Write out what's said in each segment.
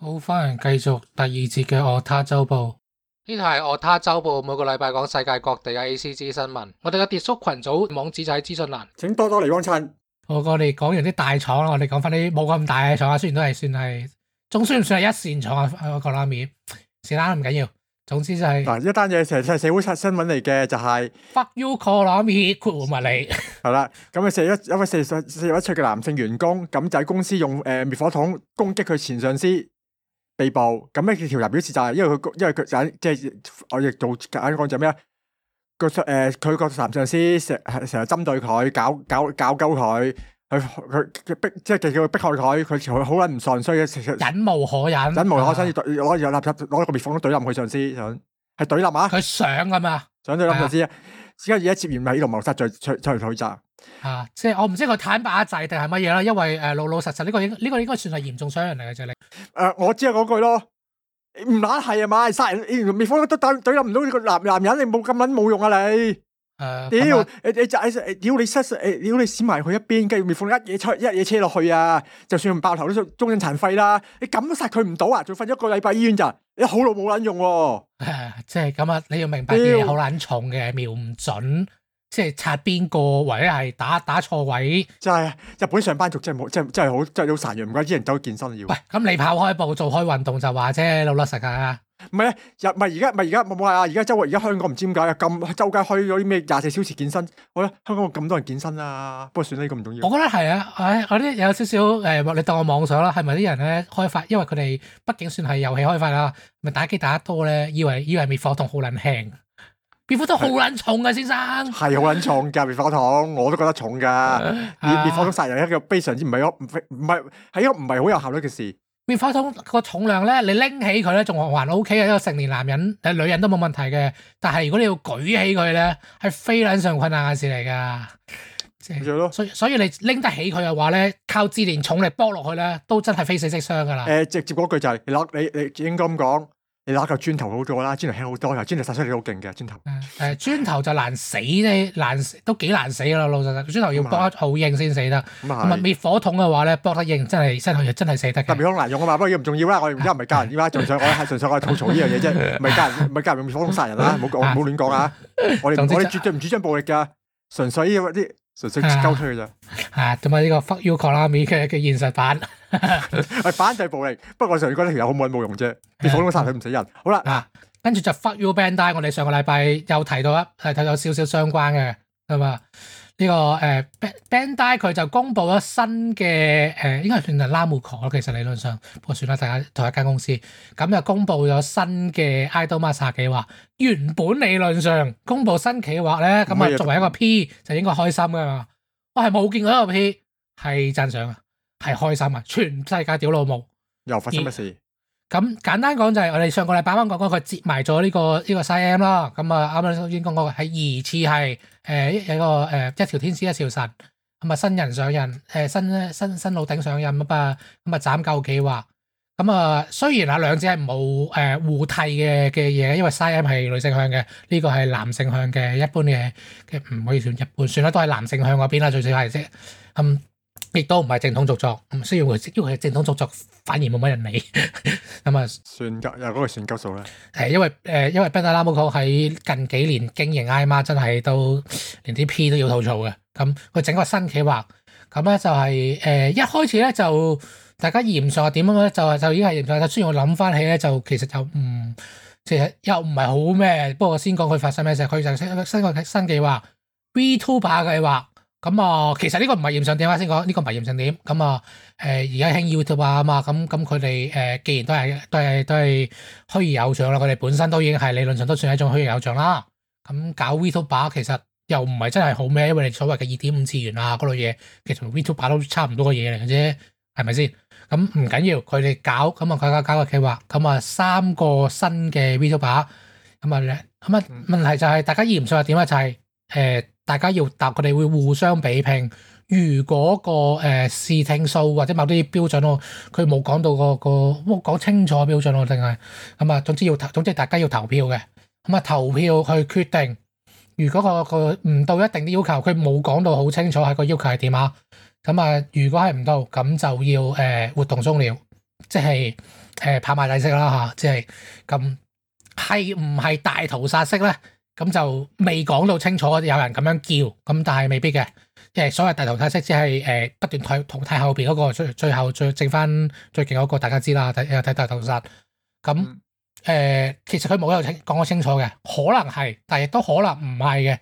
好，歡迎繼續第二節嘅《OTA 周報》。呢套係《OTA 周報》，每個禮拜講世界各地嘅 ACG 資訊新聞。我哋嘅 Discord 群組網址就喺資訊欄，請多多嚟幫襯。好，我哋講完啲大廠啦，我哋講翻啲冇咁大嘅廠啊。雖然都係算係，總算唔算係一線廠啊？Konami 是啦，唔緊要。總之就係嗱，一單嘢成日係社會新新聞嚟嘅，就係 Fuck you, Konami，括弧物理。係啦，咁啊，四一一位四十四十一歲嘅男性員工，咁就喺公司用誒滅火筒攻擊佢前上司。被捕，咁呢條男表示就係，因為佢公，因為佢就喺即係我亦做簡單講就咩啊，個誒佢個男上司成成日針對佢，搞搞搞鳩佢，佢佢逼即係叫佢逼害佢，佢好好鬼唔順，所以忍無可忍，忍無可忍要攞隻垃圾攞個滅火筒懟冧佢上司想，係懟冧啊？佢想啊嘛，想懟冧上司，而家而家涉嫌唔係呢度謀殺罪，出出嚟對質。啊，即係我唔知佢坦白一制定係乜嘢啦，因為誒老老實實呢個呢個應該、這個、算係嚴重傷人嚟嘅啫你、呃。誒，我知啊嗰句咯，唔乸係啊嘛，殺人！消防都打懟唔到呢個男男人，你冇咁撚冇用啊你。誒、呃，屌！屌、嗯、你失！誒、嗯，屌你閃埋去一邊，跟住消防一嘢車一嘢車落去啊！就算唔爆頭都中中正殘廢啦、啊！你咁殺佢唔到啊，仲瞓咗一個禮拜醫院、啊、你好老冇撚用喎、啊啊。即係咁啊！你要明白啲嘢好撚重嘅，瞄唔準。即係拆邊個，位，或者係打打錯位。真係，日本上班族真係冇，真真係好真係好孱弱。唔怪之，啲人走去健身要。喂，咁你跑開步做開運動就話啫，老老實實唔係啊，唔係而家，唔係而家，冇係啊，而家周圍而家香港唔知點解咁周街開咗啲咩廿四小時健身。好啦，香港咁多人健身啊，不過算得呢個，唔重要。我覺得係啊，唉，啲有少少誒，你當我妄想啦。係咪啲人咧開發？因為佢哋畢竟算係遊戲開發啦，咪打機打得多咧，以為以為滅火筒好撚輕。滅火筒好卵重啊，先生係好卵重噶滅火筒我都覺得重噶滅火筒殺人係一個非常之唔係一唔唔係係一個唔係好有效率嘅事。滅火筒個重量咧，你拎起佢咧仲還 O K 嘅，一個成年男人誒女人都冇問題嘅。但係如果你要舉起佢咧，係非卵常困難嘅事嚟噶咯、就是。所以所以你拎得起佢嘅話咧，靠自連重力剝落去咧，都真係非死即傷噶啦。誒、呃，直接嗰句就係、是，你你你應該咁講。你攞嚿磚頭好咗啦，磚頭輕好多，又磚頭殺出嚟好勁嘅磚頭。誒，磚頭就難死咧，難死都幾難死噶啦，老實實。磚頭要搏得好硬先死得。咁啊，滅火筒嘅話咧，搏得硬真係真係真係死得。滅火筒難用啊嘛，不過要唔重要啦。我哋而家唔係教人家，而家仲想 我係純粹我係吐槽呢樣嘢啫，唔係教人，唔係教人用滅火筒殺人啦。唔好講，唔好亂講啊。我哋 我哋絕對唔主張暴力噶，純粹要啲。純粹交出去啫、啊，啊，同埋呢個 Fuck you call a 嘅嘅現實版 係反制暴力。不過我仲要覺得條友好冇用啫、啊，你普通殺佢唔死人。好啦，啊，跟住就 Fuck you bandai，我哋上個禮拜又提到啦，係睇到有少少相關嘅，係嘛。呢個誒 Band Bandai 佢就公布咗新嘅誒，應該算係 Namco 咯。其實理論上，不過算啦，大家同一間公司咁就公布咗新嘅 Idolmaster 企劃。原本理論上公布新企劃咧，咁啊作為一個 P 就應該開心㗎嘛。我係冇見到一個 P 係讚賞啊，係開心啊，全世界屌老母！又發生乜事？咁簡單講就係我哋上個禮拜啱啱講過，佢接埋咗呢個呢個西 M 啦。咁啊，啱啱先講過係疑似係誒一個誒一條天使一條神。咁啊，新人上任誒新新新老頂上任啊嘛。咁啊，斬舊計劃。咁啊，雖然啊兩者係冇誒互替嘅嘅嘢，因為西 M 係女性向嘅，呢個係男性向嘅一般嘅嘅唔可以算一般，算啦都係男性向嗰邊啦，最少係啫咁。亦都唔係正統續作，唔需要佢，因為佢正統續作，反而冇乜人理。咁啊，算急又講下算急數啦。誒，因為誒，因為 Ben 拉 Marco 喺近幾年經營 I 媽，真係都連啲 P 都要吐槽嘅。咁佢整個新企劃，咁咧就係誒一開始咧就大家嫌上係點樣？就係就已經係嫌上。雖然我諗翻起咧，就其實就唔，其實又唔係好咩。不過先講佢發生咩事，佢就新新個新企劃 B to B 計劃。咁啊，其實呢個唔係炎上點啊，先講呢、這個唔係炎上點。咁啊，誒而家興 YouTube 啊嘛，咁咁佢哋誒既然都係都係都係虛擬偶像啦，佢哋本身都已經係理論上都算係一種虛擬偶像啦。咁搞 VTuber 其實又唔係真係好咩，因為你所謂嘅二點五次元啊嗰類嘢，其實同 VTuber 都差唔多嘅嘢嚟嘅啫，係咪先？咁唔緊要，佢哋搞咁啊佢搞搞個企劃，咁啊三個新嘅 VTuber 咁啊咁啊問題就係、是、大家炎上啊點啊制誒。就是欸大家要答，佢哋會互相比拼。如果個誒視聽數或者某啲標準咯，佢冇講到個冇講清楚標準咯，定係咁啊？總之要總之大家要投票嘅，咁啊投票去決定。如果個個唔到一定嘅要求，佢冇講到好清楚，喺個要求係點啊？咁啊，如果係唔到，咁就要活動終了，即係拍賣利息啦吓，即係咁係唔係大屠殺式咧？咁就未講到清楚，有人咁樣叫咁，但係未必嘅，即係所謂大逃殺式，只係誒不斷退淘汰後邊嗰個最最後最剩翻最勁嗰個，大家知啦，睇又睇大逃殺咁誒。其實佢冇有講得清楚嘅，可能係，但係亦都可能唔係嘅。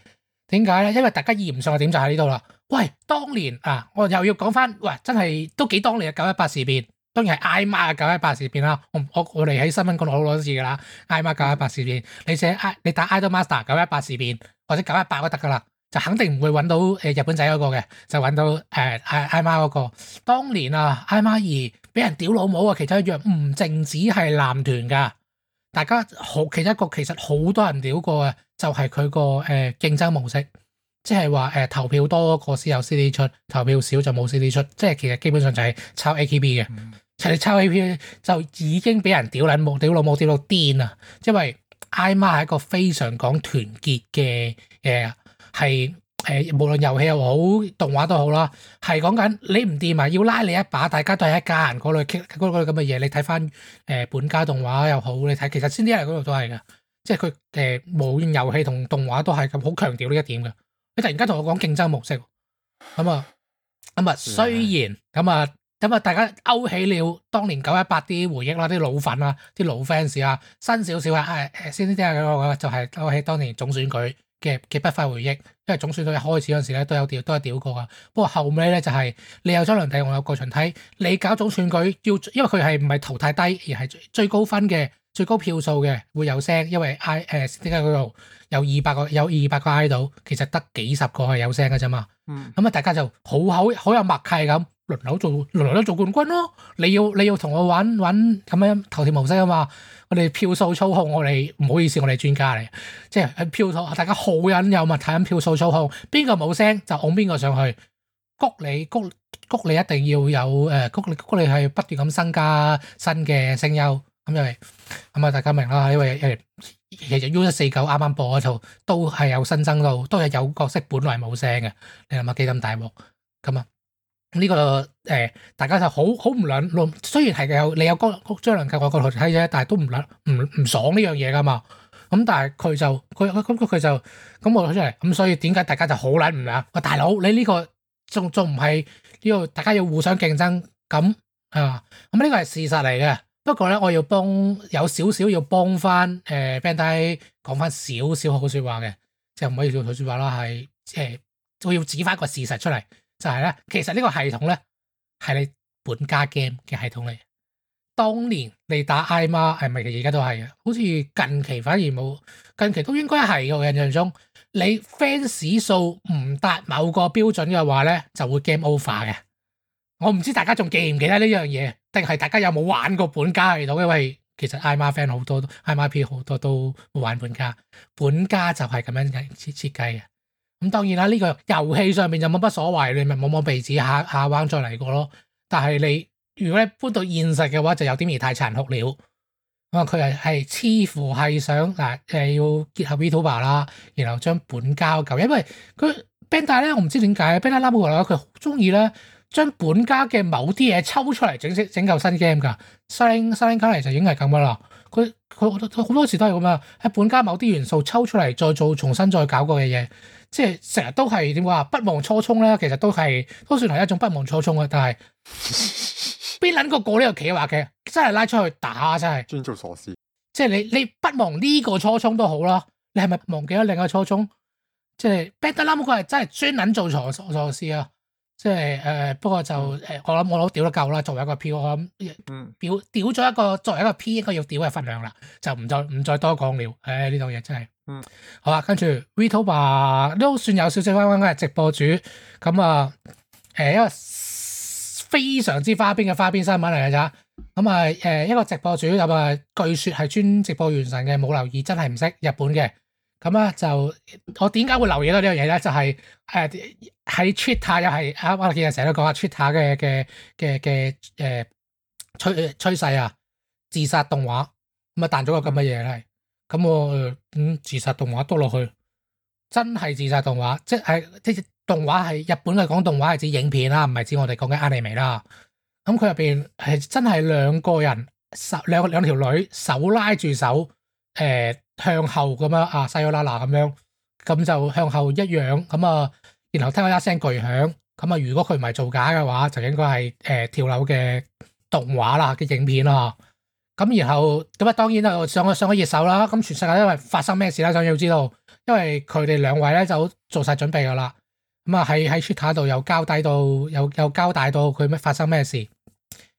點解咧？因為大家意唔同意嘅點就喺呢度啦。喂，當年啊，我又要講翻，喂，真係都幾當年嘅九一八事變。當然係 i 媽啊！九一八事變啦，我我我哋喺新聞講咗好耐都知㗎啦，i 媽九一八事變。你寫 i，你打 Idol Master 九一八事變或者九一八都得㗎啦，就肯定唔會揾到誒日本仔嗰個嘅，就揾到誒 i i 媽嗰個。當年啊，i 媽二俾人屌老母啊！其中一樣唔淨止係男團㗎，大家好，其中一個其實好多人屌過啊，就係佢個誒競爭模式，即係話誒投票多嗰個先有 CD 出，投票少就冇 CD 出。即係其實基本上就係抄 AKB 嘅。嗯就你抄 AP 就已經俾人屌撚冇屌老冇屌到癲啊！因為艾媽係一個非常講團結嘅誒，係誒無論遊戲又好、動畫都好啦，係講緊你唔掂啊，要拉你一把，大家都係一家人嗰類傾嗰嗰啲咁嘅嘢。你睇翻誒本家動畫又好，你睇其實先啲係嗰度都係噶，即係佢誒無論遊戲同動畫都係咁好強調呢一點嘅。你突然間同我講競爭模式，咁啊，咁啊，雖然咁啊。咁啊，大家勾起了當年九一八啲回憶啦，啲老粉,老粉小小啊，啲老 fans 啊，新少少啊，係誒，先聽下嗰個就係勾起當年總選舉嘅嘅不快回憶，因為總選舉一開始嗰陣時咧都有屌都係屌過噶。不過後尾咧就係、是、你有張良計，我有過牆梯，你搞總選舉要，因為佢係唔係淘汰低，而係最高分嘅、最高票數嘅會有聲，因為 I 誒，即係嗰度有二百個，有二百個 idol，idol, 其實得幾十個係有聲嘅啫嘛。嗯。咁啊，大家就好好好有默契咁。輪流做，輪流都做冠軍咯！你要你要同我玩玩咁樣投票模式啊嘛！我哋票數操控，我哋唔好意思，我哋專家嚟，即係喺票數，大家好引誘物，睇緊票數操控，邊個冇聲就按邊個上去，谷你谷谷你一定要有誒，谷你谷谷你係不斷咁新加新嘅聲優，咁因為咁啊，大家明啦，因為誒其實 U 一四九啱啱播嗰套都係有新增到，都係有角色本來冇聲嘅，你諗下幾咁大鑊咁啊！呢個誒，大家就好好唔諗，雖然係有你有張張良計我個台啫，但係都唔諗唔唔爽呢樣嘢㗎嘛。咁但係佢就佢咁佢就咁我攞出嚟，咁所以點解大家就好諗唔諗？喂，大佬，你呢個仲仲唔係呢個？大家要互相競爭咁係嘛！咁呢個係事實嚟嘅。不過咧，我要幫有少少要幫翻誒 Ben 低講翻少少好説話嘅，就唔可以叫好説話啦。係即係我要指翻個事實出嚟。就係咧，其實呢個系統咧係你本家 game 嘅系統嚟。當年你打 i 媽係咪？其實而家都係啊，好似近期反而冇，近期都應該係嘅。我印象中，你 fans 數唔達某個標準嘅話咧，就會 game over 嘅。我唔知大家仲記唔記得呢樣嘢，定係大家有冇玩過本家系統？因為其實 i 媽 fans 好多 ，i 媽 p 好多都冇玩本家，本家就係咁樣設設計嘅。咁當然啦，呢、這個遊戲上面就冇乜所謂，你咪摸摸鼻子下下彎再嚟過咯。但係你如果你搬到現實嘅話，就有啲而太殘酷了。啊，佢係係似乎係想嗱、呃，要結合 Vtuber 啦，然後將本家救。因為佢 Bandai 咧，Banda, 我唔知點解 Bandai 冇佢中意咧，Banda, 將本家嘅某啲嘢抽出嚟整識整舊新 game 噶，Sling Sling Gun 就已經係咁樣啦。佢佢佢好多時都係咁樣，喺本家某啲元素抽出嚟，再做重新再搞過嘅嘢，即係成日都係點講呀？不忘初衷呢，其實都係都算係一種不忘初衷啊！但係邊撚個個呢個企劃嘅真係拉出去打，真係專做傻事。即係你你不忘呢個初衷都好啦，你係咪忘記咗另一個初衷？即係 b e n l a m 佢係真係專撚做傻傻傻事啊！即係誒、呃，不過就誒，我諗我都屌得夠啦。作為一個票，我諗屌掉咗一個作為一個 P 應該要屌嘅分量啦，就唔再唔再多講了。誒、哎，呢樣嘢真係，嗯，好啦，跟住 VTuber 啊，Retover, 都算有少少花邊嘅直播主。咁、嗯、啊，誒、呃，一個非常之花邊嘅花邊新聞嚟嘅咋？咁、嗯、啊，誒、呃，一個直播主咁啊、嗯，據說係專直播原神嘅，冇留意真係唔識日本嘅。咁、嗯、啊、呃，就我點解會留意到呢樣嘢咧？就係、是、誒。呃喺 Twitter 又係我見人成日都講啊 Twitter 嘅嘅嘅嘅誒趨趨勢啊，自殺動畫咁啊彈咗個咁嘅嘢嚟，咁我自殺動畫多落去，真係自殺動畫，即係即係動畫係日本嚟講動畫係指影片啦，唔係指我哋講緊阿尼美啦。咁佢入邊係真係兩個人手兩兩條女手拉住手，誒、呃、向後咁樣啊西奧拉娜咁樣，咁就向後一仰咁啊。然後聽到一聲巨響，咁啊，如果佢唔係造假嘅話，就應該係誒、呃、跳樓嘅動畫啦嘅影片啦，咁然後咁啊，當然啊上咗上咗熱搜啦。咁全世界因為發生咩事啦，想要知道，因為佢哋兩位咧就做晒準備噶啦。咁啊喺喺 Twitter 度又交代到，又又交代到佢咩發生咩事。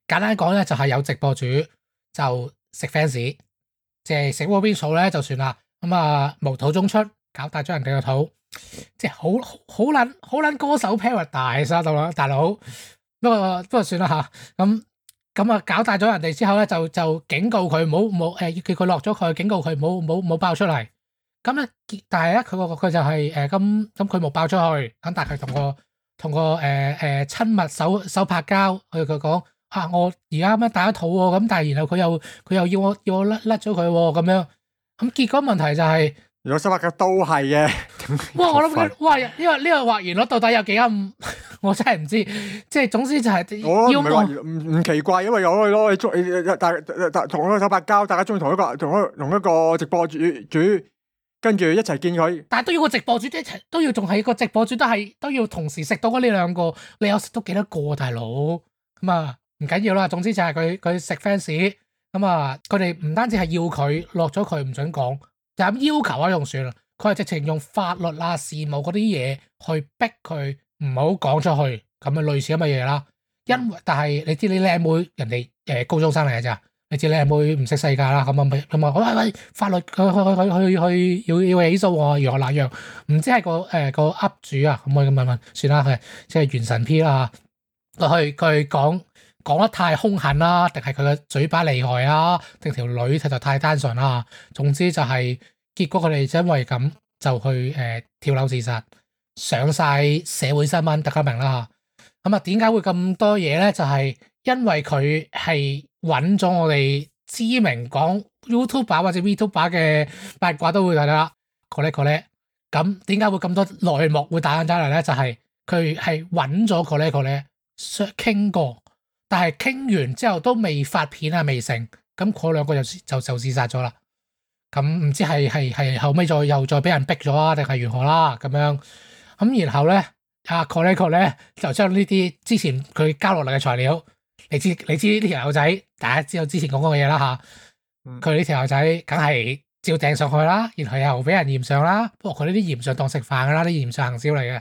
簡單講咧就係有直播主就食 fans，即係食鍋邊數咧就算啦。咁啊無土中出搞大咗人哋個肚。即係好好好歌手 p a w e r 大，收到啦，大佬。不過不過算啦吓，咁咁啊搞大咗人哋之後咧，就就警告佢唔好誒，叫佢落咗佢，警告佢唔好爆出嚟。咁咧，但係咧，佢個佢就係誒咁咁佢冇爆出去，咁但係同個同個誒誒、呃、親密手手拍交，佢佢講啊我而家咁樣打肚喎，咁但係然後佢又佢又要我要我甩甩咗佢喎，咁樣咁結果問題就係、是。有手拍膠都係嘅。哇！我諗佢哇，因為呢個畫完咯，到底有幾咁？我真係唔知。即係總之就係要唔唔奇怪，因為我我我中，大大同我哋手拍交，大家中意同一個，同一同一個直播主主，跟住一齊見佢。但係都要個直播主一齊，都要仲係個直播主都係都要同時食到嗰呢兩個。你有食到幾多個，大佬咁啊？唔緊要啦。總之就係佢佢食 fans 咁、嗯、啊！佢哋唔單止係要佢落咗佢，唔準講。就咁要求啊，用算啦。佢係直情用法律啊、事務嗰啲嘢去逼佢唔好講出去，咁嘅類似咁嘅嘢啦。因為但係你知你靚妹，人哋誒高中生嚟噶咋？你知靚妹唔識世界啦，咁啊咪咁啊喂喂，法律佢佢佢佢去去要要起訴我如何那樣？唔知係個誒個 Up 主啊，咁我咁問問，算啦，係即係元神 P 啦，佢佢講。講得太兇狠啦，定係佢嘅嘴巴厲害啊，定條女實在太單純啦。總之就係結果，佢哋因為咁就去、呃、跳樓自殺，上晒社會新聞，大家明啦嚇。咁啊，點解會咁多嘢咧？就係、是、因為佢係揾咗我哋知名講 YouTuber 或者 VTuber 嘅八卦都會覺得啦，o l l 咁點解會咁多內幕會打曬出嚟咧？就係佢係揾咗 c o l l a p 傾過。但係傾完之後都未發片啊，未成，咁嗰兩個就就就自殺咗啦。咁唔知係係係後屘再又再俾人逼咗、嗯、啊，定係如何啦咁樣。咁然後咧，阿 Cole 呢，Cole 咧就將呢啲之前佢交落嚟嘅材料，你知你知呢條友仔，大家知道之前講過嘅嘢啦吓。佢呢條友仔梗係照掟上去啦，然後又俾人驗相啦。不過佢呢啲驗相當食飯噶啦，啲驗相行銷嚟嘅。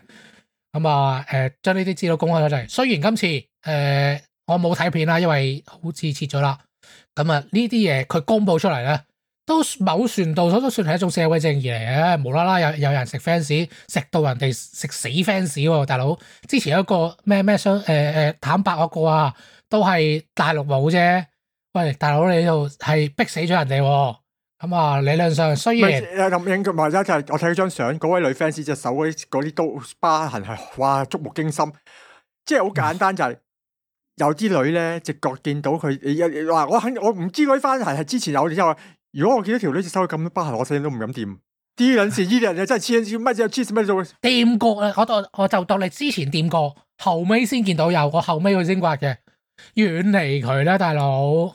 咁、嗯、啊誒，將呢啲資料公開咗就係，雖然今次誒。呃我冇睇片啦，因為好似切咗啦。咁啊，呢啲嘢佢公布出嚟咧，都某算到，都算係一種社會正義嚟嘅。無啦啦，有有人食 fans，食到人哋食死 fans。大佬，之前有一個咩咩雙誒誒坦白我個啊，都係大陸冇啫。喂，大佬，你度係逼死咗人哋。咁啊，理論上雖然林英，或者就係我睇咗張相，嗰位女 fans 隻手嗰啲嗰啲刀疤痕係哇觸目驚心。即係好簡單就係，是。 有啲女咧，直覺見到佢，你一我肯我唔知佢翻係係之前有，然之後如果我見到條女隻手咁多疤痕，我死都唔敢掂。啲人時啲人真係痴線，乜嘢痴線乜掂過啦，我當我就當你之前掂過，尾後尾先見到有，後尾佢先刮嘅，遠離佢啦，大佬。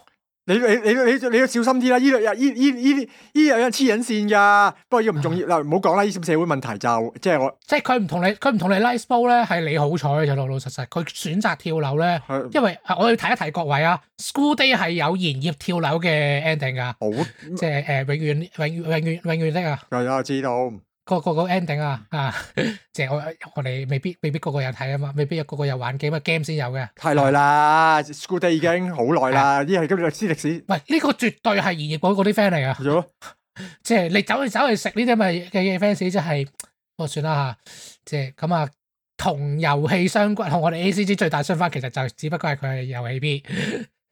你你你你你要小心啲啦！依度依依依啲依有黐引線噶，不過要唔重要嗱，唔好講啦！呢社會問題就、就是、即係我即係佢唔同你佢唔同你 lifeboat 咧，係你好彩就老老實實，佢選擇跳樓咧，因為我要提一提各位啊，school day 係有延業跳樓嘅 ending 噶，即係誒、呃、永遠永遠永遠永遠的啊！係啊，我知道。個個個 ending 啊，啊，即係我我哋未必未必個個，個有睇啊嘛，未必個個，個有玩 game game 先有嘅。太耐啦，school day 已經好耐啦，呢係今日嘅私歷史。唔係呢個絕對係營業過嗰啲 fan 嚟啊，即係你走去走去食呢啲咪嘅嘅 fans 即、就、係、是，我算啦吓，即係咁啊，同遊戲相關，同我哋 A C G 最大相關，其實就只不過係佢係遊戲 B、啊。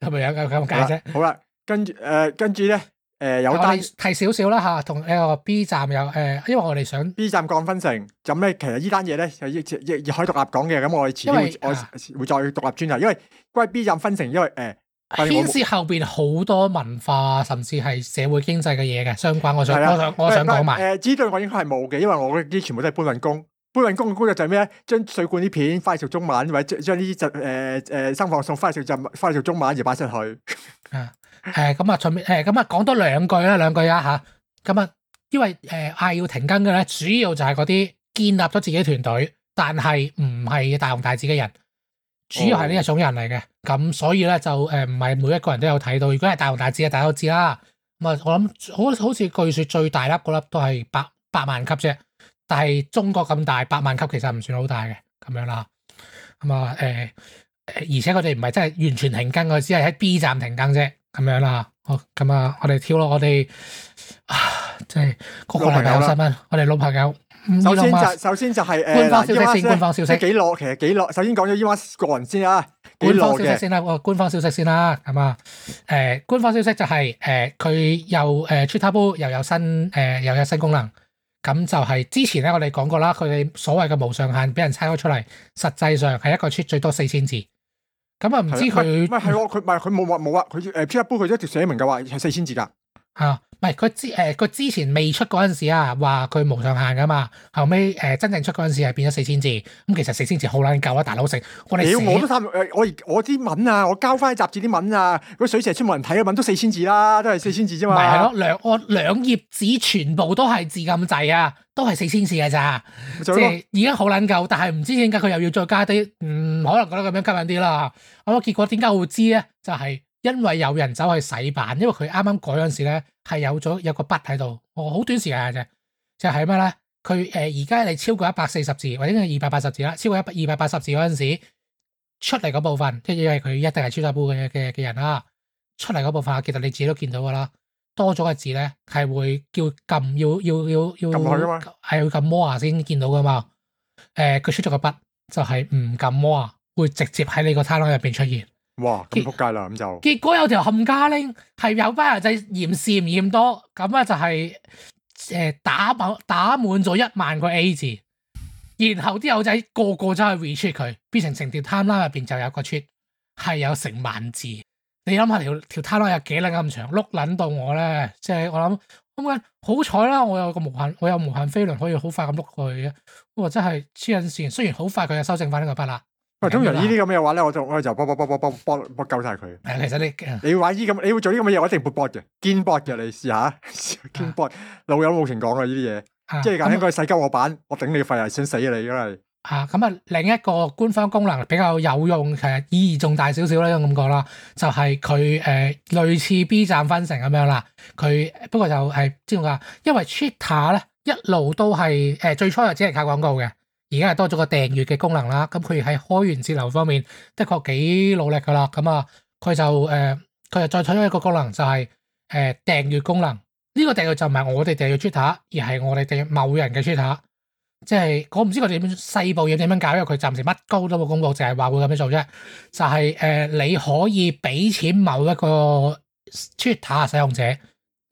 係咪樣咁咁解啫？好啦，跟住誒、呃，跟住咧。誒、呃，有單提少少啦吓，同誒 B 站有誒、呃，因為我哋想 B 站講分成，咁咧其實這件事呢單嘢咧又亦亦亦可以獨立講嘅，咁我哋因為我我會再獨立專題，因為關於 B 站分成，因為誒牽涉後邊好多文化甚至係社會經濟嘅嘢嘅，相關我想、啊、我，我想講埋。誒，知、呃、道我應該係冇嘅，因為我嗰啲全部都係搬運工，搬運工嘅工作就係咩咧？將水管啲片翻譯成中文，或者將呢啲誒誒生放送去做去做放送翻譯成翻成中文而擺出去。啊。誒、嗯，咁、嗯嗯嗯、啊，順便誒，咁啊，講多兩句啦，兩句啊吓，咁啊，因為誒、呃，要停更嘅咧，主要就係嗰啲建立咗自己團隊，但係唔係大紅大紫嘅人，主要係呢一種人嚟嘅，咁、哦嗯、所以咧就誒，唔係每一個人都有睇到，如果係大紅大紫嘅，大家都知啦。咁啊，我諗好好似據說最大粒嗰粒都係百、百萬級啫，但係中國咁大，百萬級其實唔算好大嘅，咁樣啦。咁、嗯、啊，誒、嗯嗯嗯、而且佢哋唔係真係完全停更嘅，只係喺 B 站停更啫。咁樣啦，好，咁、那個、啊，我哋跳落我哋啊即係個個朋友十蚊，我哋老朋友。首先就、嗯、首先就係、是、誒官方消息先，官方消息幾耐？其實幾耐？首先講咗伊嗎個人先啦，官方消息先啦，我、啊呃、官方消息先啦，咁啊誒、啊呃啊呃啊呃，官方消息就係、是、誒，佢、呃、又誒 Twitter 又有新誒、呃，又有新功能。咁、嗯、就係、是、之前咧，我哋講過啦，佢哋所謂嘅無上限，俾人猜咗出嚟，實際上係一個出最多四千字。咁啊，唔知佢，唔係喎，佢唔係佢冇話冇啊，佢誒 PUB 佢一條寫文嘅話，係四千字㗎。啊，唔係佢之誒、佢之前未出嗰陣時啊，話佢無上限噶嘛。後尾、呃、真正出嗰陣時係變咗四千字。咁其實四千字好撚夠啊，大佬成，我哋、欸，我都我我啲文啊，我交翻雜誌啲文啊，嗰水蛇出冇人睇嘅文都四千字啦，都係四千字啫嘛。唔係係咯，兩我兩頁紙全部都係字咁滯啊，都係四千字嘅咋，即係已經好撚夠。但係唔知點解佢又要再加啲，嗯，可能覺得咁樣吸引啲啦。咁、啊、結果點解會知咧？就係、是。因為有人走去洗版，因為佢啱啱改嗰陣時咧，係有咗有個 bug 喺度。我好短時間嘅啫，就係咩咧？佢、誒，而家你超過一百四十字或者二百八十字啦，超過一百二百八十字嗰陣時候出嚟嗰部分，即係因為佢一定係超差部嘅嘅嘅人啦。出嚟嗰部分，其實你自己都見到噶啦，多咗個字咧係會叫撳，要要要要係撳 more 先見到噶嘛。誒、呃，佢出咗個 bug，就係唔撳 more 會直接喺你個 article 入邊出現。哇，咁仆街啦，咁就結果有條冚家拎，係有班人仔嫌事唔嫌多，咁咧就係、是呃、打滿打咗一萬個 A 字，然後啲友仔個個走去 r e t r e a t 佢，變成成條貪 i 入邊就有個 t r i e t 係有成萬字，你諗下條條 t 有幾撚咁長，碌撚到我咧，即、就、係、是、我諗咁好彩啦，我有個無限，我有無限飛輪可以好快咁碌佢啊，哇真係黐撚線，雖然好快佢又修正翻呢個筆啦。通常呢啲咁嘅話咧，我就我就波波波波波波救晒佢。其實你你要玩呢咁，你會做呢咁嘅嘢，我一定撥 bot 嘅，建 bot 嘅，你試下。建 bot 老友冇情講啊，呢啲嘢，即係頭先嗰個洗鳩我版，我頂你肺啊，想死你因係。啊，咁啊，另一個官方功能比較有用，其實意義仲大少少咧，種感覺啦，就係佢誒類似 B 站分成咁樣啦。佢不過就係即係話，因為 Twitter 咧一路都係誒最初就只係靠廣告嘅。.而家係多咗個訂閱嘅功能啦，咁佢喺開源節流方面，的確幾努力噶啦。咁啊，佢就誒，佢就再推咗一個功能就係誒訂閱功能。呢、這個訂閱就唔係我哋訂閱 Twitter，而係我哋訂閱某人嘅 Twitter。即係我唔知佢哋細部要點樣搞，因為佢暫時乜高都冇公布，就係話會咁樣做啫。就係誒，你可以俾錢某一個 Twitter 使用者，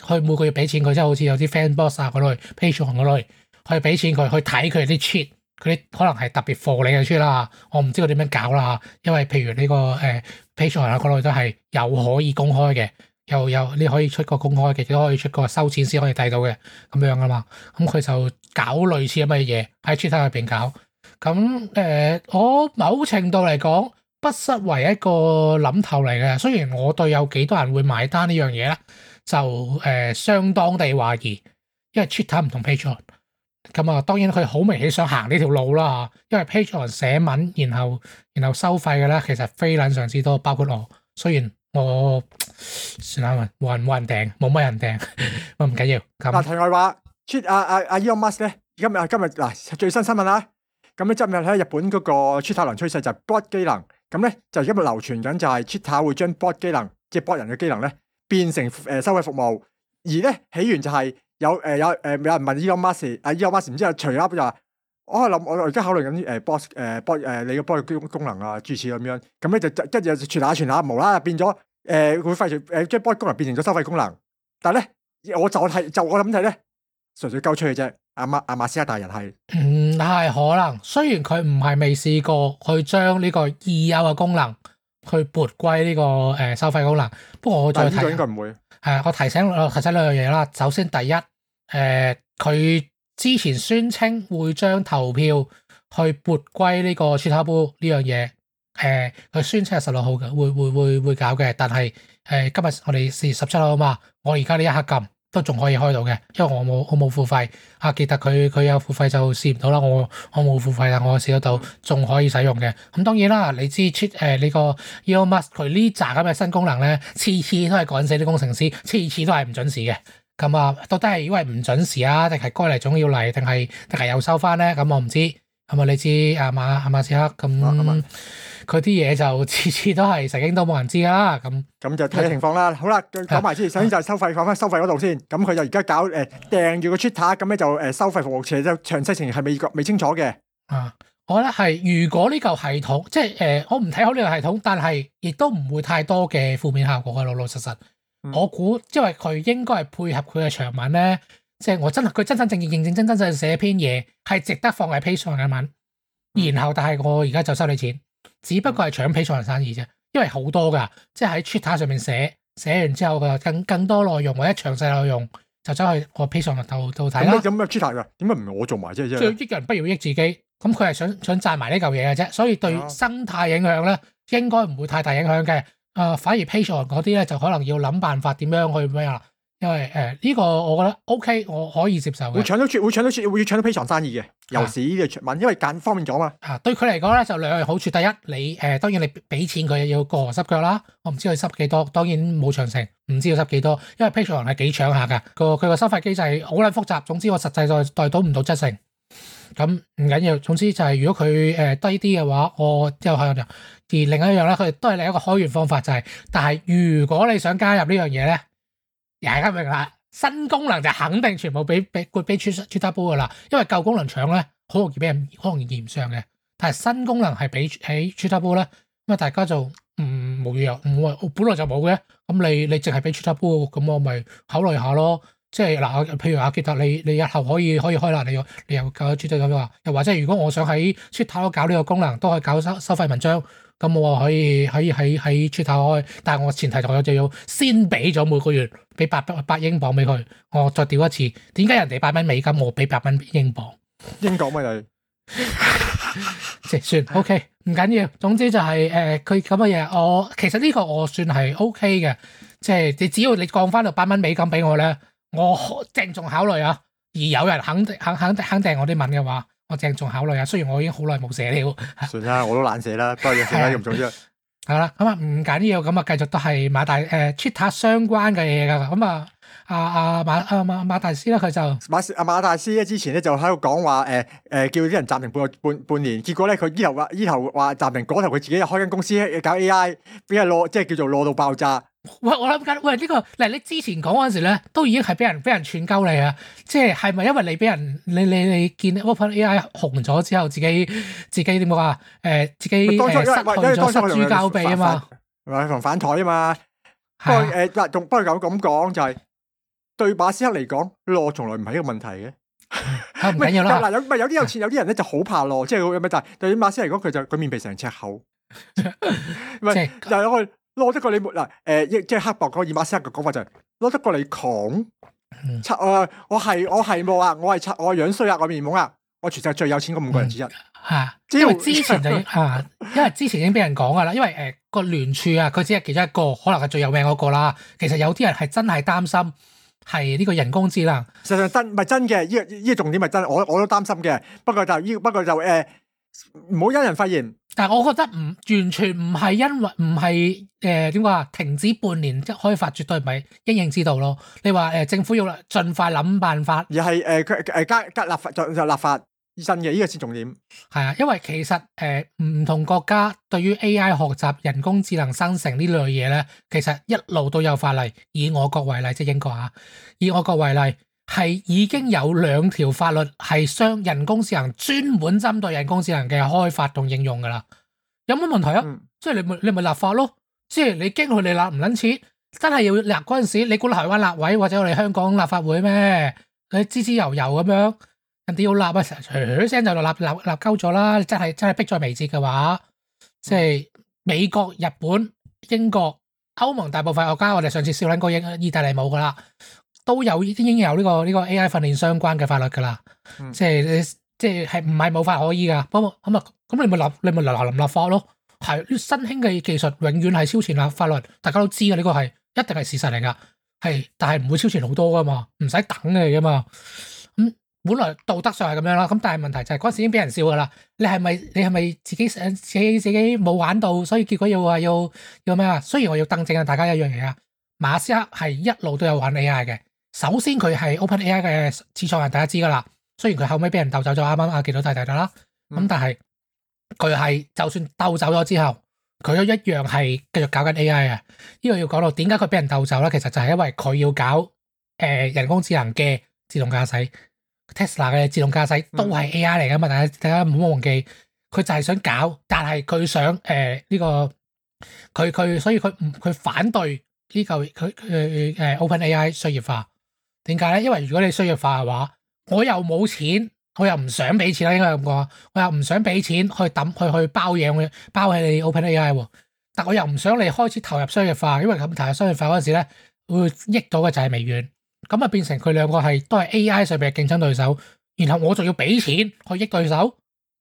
佢每個月俾錢佢，即係好似有啲 fan box 嗰類、page 嗰類，去俾錢佢去睇佢啲帖。佢可能係特別貨你嘅出啦，我唔知佢點樣搞啦。因為譬如呢個誒 patreon 啊，國都係有可以公開嘅，又有，有你可以出個公開嘅，亦都可以出個收錢先可以睇到嘅咁樣啊嘛。咁佢就搞類似咁嘅嘢喺 Twitter 入邊搞。咁誒、呃，我某程度嚟講不失為一個諗頭嚟嘅。雖然我對有幾多人會買單呢樣嘢咧，就誒、呃、相當地懷疑，因為 Twitter 唔同 patreon。咁啊，當然佢好明顯想行呢條路啦嚇，因為 PageOne 寫文然後然後收費嘅咧，其實非恆常之多，包括我。雖然我算啦冇人冇人訂，冇乜人訂，我唔緊要。咁話題外話，Chat 啊啊啊，Elon Musk 咧，今日今日嗱最新新聞啦，咁咧今日喺日本嗰個 Twitter 嘅趨勢就係 bot 技能，咁咧就今日流傳緊就係 Twitter 會將 bot 技能即係 bot 人嘅機能咧變成誒收費服務，而咧起源就係。有誒有誒，有人問 Easy Master，阿 Easy Master 唔知啊，隨啱就話，我係諗我而家考慮緊誒，Box 誒 Box 誒，你個 Box 嘅功功能啊，注冊咁樣，咁咧就跟住傳下傳下，無啦啦變咗誒，會廢除誒，即係 Box 功能變成咗收費功能，但係咧，我就係就我諗係咧，純粹鳩出嚟啫，阿馬阿馬斯克大人係，嗯，唔太可能，雖然佢唔係未試過去將呢個已有嘅功能去撥歸呢個誒收費功能，不過我再睇，呢個應該唔會。我提醒我提醒兩樣嘢啦。首先，第一，誒、呃，佢之前宣稱會將投票去撥歸呢個脫歐呢樣嘢，誒、呃，佢宣稱係十六號嘅，會會會會搞嘅。但係，誒、呃，今日我哋四月十七號啊嘛，我而家呢一刻咁。都仲可以開到嘅，因為我冇我冇付費啊。傑特佢佢有付費就試唔到啦。我我冇付費，但我試得到，仲可以使用嘅。咁當然啦，你知出誒，呢、這個 Musk 佢呢扎咁嘅新功能咧，次次都係趕死啲工程師，次次都係唔準時嘅。咁啊，到底係因為唔準時啊，定係該嚟總要嚟，定係定係又收翻咧？咁我唔知。係咪你知阿馬阿馬斯克咁佢啲嘢就次次都係曾經都冇人知啦咁咁就睇情況啦。好啦，講埋、啊、先，首先就係、呃呃、收費，放翻收費嗰度先。咁佢就而家搞誒掟住個 Twitter 咁咧就誒收費服務器就詳細情形係未未清楚嘅。啊，我覺得係如果呢嚿系統，即係誒、呃，我唔睇好呢嚿系統，但係亦都唔會太多嘅負面效果嘅。老老實實，嗯、我估因為佢應該係配合佢嘅長文咧。即係我真係佢真真正正認認真真真寫篇嘢係值得放喺 Patreon 嘅文，嗯，然後但係我而家就收你錢，只不過係搶 Patreon 生意啫，因為好多噶，即係喺 Twitter 上面寫寫完之後佢更更多內容或者一詳細內容就走去個 Patreon 度睇啦。點解咁 Twitter 點解唔係我做埋啫啫？最益人不要益自己，咁佢係想想賺埋呢嚿嘢嘅啫，所以對生態影響咧應該唔會太大影響嘅，呃。反而 Patreon 嗰啲咧就可能要諗辦法點樣去咩啊？因為誒呢、呃，這個我覺得 OK，我可以接受嘅。會搶到住，會搶到住，會搶到 P 場生意嘅，尤其是呢個出文，因為簡方便咗嘛。啊，對佢嚟講咧就兩樣好處，第一你誒、呃，當然你俾錢佢要過河濕腳啦。我唔知佢濕幾多，當然冇長成，唔知要濕幾多，因為 P a t r o n 係幾搶下噶，個佢個收費機制好鬼複雜。總之我實際上代代到唔到質成咁唔緊要。總之就係如果佢誒低啲嘅話，我之又係。而另一樣咧，佢都係另一個開源方法就係、是，但係如果你想加入呢樣嘢咧。又係咁啦，新功能就肯定全部俾俾撥俾 Twitter Blue 噶啦，因為舊功能搶咧，好容易俾人好容易見唔上嘅。但係新功能係俾喺 Twitter Blue 咧，咁啊大家就唔無語唔會，我、嗯、本來就冇嘅，咁你你淨係俾 Twitter Blue，咁我咪考慮下咯。即係嗱，譬如阿杰特，你你日後可以可以開啦，你又你又教 Twitter Blue 又或者如果我想喺 Twitter Blue 搞呢個功能，都可以搞收收費文章。咁、嗯、我可以，可以喺喺出頭開，但係我前提同我就要先俾咗每個月俾八百八英鎊俾佢，我再調一次。點解人哋八蚊美金我俾八蚊英鎊？英國咪你？ 算 O K，唔緊要。總之就係、是、誒，佢咁嘅嘢，我其實呢個我算係 O K 嘅，即係你只要你降翻到八蚊美金俾我咧，我好鄭重考慮啊。而有人肯定肯肯肯定我啲文嘅話。我鄭重考慮下，雖然我已經好耐冇寫了。算啦，我都懶寫啦，多謝晒唔早出。 係、嗯、啦，咁啊唔緊要，咁啊繼續都係馬大誒 Chat 相關嘅嘢噶。咁、嗯、啊啊馬啊馬啊馬馬大師呢，佢就馬阿馬大師咧，之前咧就喺度講話誒誒，叫啲人暫停半半半年，結果咧佢依頭話依頭話暫停，嗰頭佢自己又開間公司搞 AI，俾人攞即係叫做攞到爆炸。喂，我諗緊，喂呢、這個，嗱你之前講嗰陣時咧，都已經係俾人俾人串鳩你啊，即係係咪因為你俾人你你你，你見 Open AI 紅咗之後，自己自己點講啊？誒，自己誒、呃呃、失去咗失之交臂啊嘛，同反台啊嘛，不過仲、啊呃、不如咁咁講就係、是、對馬斯克嚟講，落從來唔係一個問題嘅，唔緊要啦。嗱有咪有啲有，有，有錢有啲人咧就好怕落，即係佢咩？但係對於馬斯克嚟講，佢就佢面皮成尺厚，唔 就係、是 就是 攞得過你沒嗱？誒、呃，即係黑博嗰，以馬斯克嘅講法就係、是、攞得過你狂。柒、嗯、誒、呃，我係我係冇、嗯、啊！我係柒，我樣衰啊！我面懵啊！我全世最有錢嗰五個人之一。係，因為之前就已經、 啊，因為之前已經俾人講噶啦。因為誒個聯署啊，佢只係其中一個，可能係最有名嗰個啦。其實有啲人係真係擔心係呢個人工智能啦。實際真唔係真嘅，呢、這個這個重點係真，我我都擔心嘅。不過就依，不過就誒，唔、呃、好因人發現。但係我覺得唔完全唔係因為唔係誒點講啊，停止半年即開發，絕對唔係一應之道咯。你話誒、呃、政府要啦，盡快諗辦法，而係誒佢誒加加，加立法就立法依陣嘅呢個先重點。係啊，因為其實誒唔、呃、同國家對於 A I 學習人工智能生成這類呢類嘢咧，其實一路都有法例。以我國為例，即係英國啊，以我國為例。係已經有兩條法律係將人工智能專門針對人工智能嘅開發同應用噶啦，有乜問題啊？嗯、即係你唔你咪立法咯，即係你驚佢哋立唔捻切，真係要立嗰陣時，你估台灣立委或者我哋香港立法會咩？你滋滋悠悠咁樣，人哋要立啊，成日噓聲就立立立鳩咗啦！真係真係迫在眉睫嘅話，嗯、即係美國、日本、英國、歐盟大部分國家，我哋上次笑捻過，英、意大利冇噶啦。都有呢啲應有呢個呢個 AI 訓練相關嘅法律㗎啦，即係即係係唔係冇法可依㗎？咁咁啊咁你咪立你咪立立立立法咯，係新興嘅技術永遠係超前啊法律，大家都知嘅呢個係一定係事實嚟㗎，係但係唔會超前好多㗎嘛，唔使等你㗎嘛。咁本來道德上係咁樣啦，咁但係問題就係嗰時已經俾人笑㗎啦。你係咪你係咪自己想自己自己冇玩到，所以結果要話要要咩啊？雖然我要更正啊，大家一樣嘢啊。馬斯克係一路都有玩 AI 嘅。首先佢係 OpenAI 嘅始創人，大家知噶啦。雖然佢後尾俾人鬥走咗，啱啱阿杰都睇睇到啦。咁、嗯、但係佢係就算鬥走咗之後，佢都一樣係繼續搞緊 AI 啊。呢、呢個要講到點解佢俾人鬥走咧？其實就係因為佢要搞誒、呃、人工智能嘅自動駕駛，Tesla 嘅自動駕駛都係 AI 嚟噶嘛，嗯大。大家大家唔好忘記，佢就係想搞，但係佢想誒呢、呃呢個佢佢所以佢唔佢反對呢嚿佢誒 OpenAI 商業化。點解咧？因為如果你商業化嘅話，我又冇錢，我又唔想俾錢啦，應該咁講，我又唔想俾錢去抌去去包養，包起你 OpenAI 喎。但我又唔想你開始投入商業化，因為咁投入商業化嗰陣時咧，會益到嘅就係微軟。咁啊，變成佢兩個係都係 AI 上面嘅競爭對手，然後我仲要俾錢去益對手，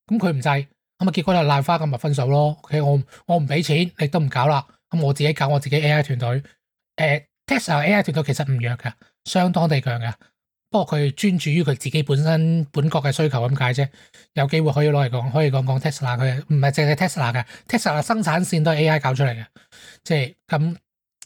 咁佢唔制，咁啊結果就爛花咁咪分手咯。OK，我我唔俾錢，你都唔搞啦，咁我自己搞我自己 AI 團隊，誒、呃。Tesla AI 團隊其實唔弱噶，相當地強噶。不過佢專注於佢自己本身本國嘅需求咁解啫。有機會可以攞嚟講，可以講講 Tesla 佢唔係淨係 Tesla 嘅，Tesla 生產線都係 AI 搞出嚟嘅。即係咁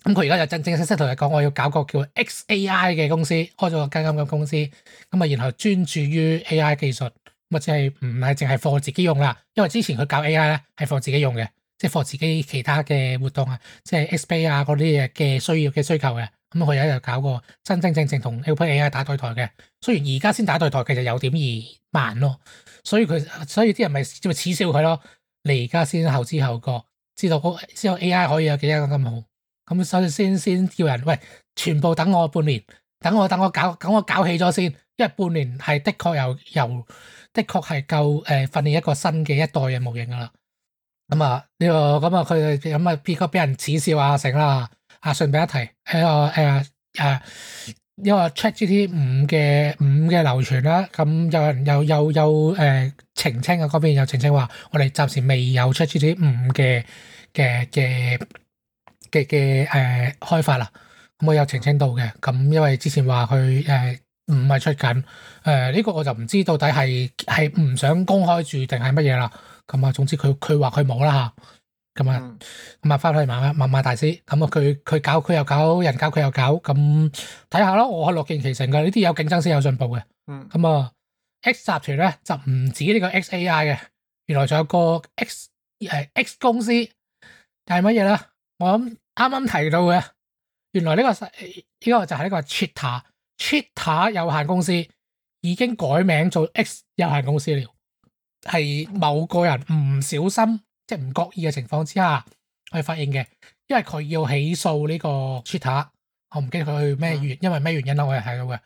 咁，佢而家就正正式式同你講，我要搞個叫 XAI 嘅公司，開咗個間咁嘅公司咁啊，然後專注於 AI 技術，咁啊即係唔係淨係放自己用啦，因為之前佢搞 AI 咧係放自己用嘅。即係 for 自己其他嘅活動啊，即係 XPay 啊嗰啲嘢嘅需要嘅需，需求嘅，咁佢有一日搞個真真正正同 AI 打對台嘅。雖然而家先打對台，其實有點而慢咯，所以佢所以啲人咪就恥笑佢咯。你而家先後知後覺，知道嗰知道 AI 可以有幾多咁好，咁所以先先叫人喂，全部等我半年，等我等我搞等我搞起咗先，因為半年係的確又又的確係夠誒訓練一個新嘅一代嘅模型噶啦。咁、嗯嗯嗯嗯，啊呢個咁啊，佢咁啊，變咗俾人恥笑阿成啦，阿順俾一提誒誒誒，因為 ChatGPT 五嘅，五嘅流傳啦，咁有人又又又誒澄清啊，嗰邊又澄清話，de, de, de, de, de, uh, residents 我哋暫時未有 ChatGPT 五嘅嘅嘅嘅嘅誒開發啦，咁我有澄清到嘅，咁因為之前話佢誒唔係出緊，誒呢個我就唔知到底係係唔想公開注定是什麼，住定係乜嘢啦。咁啊，總之佢佢話佢冇啦吓，咁啊咁啊，返、嗯、去問下問下大師，咁啊佢佢搞佢又搞，人搞佢又搞，咁睇下咯，我係樂見其成㗎。呢啲有競爭先有進步嘅。咁、嗯、啊，X 集團咧就唔止呢個 XAI 嘅，原來仲有個 X 誒 X 公司，但係乜嘢咧？我諗啱啱提到嘅，原來呢、呢個呢、呢個就係呢個 Twitter，Twitter 有限公司已經改名做 X 有限公司了。係某個人唔小心，即係唔覺意嘅情況之下，去發現嘅，因為佢要起訴呢個 Twitter，我唔記得佢咩原因，嗯，因為咩原因啦，我又係咁嘅，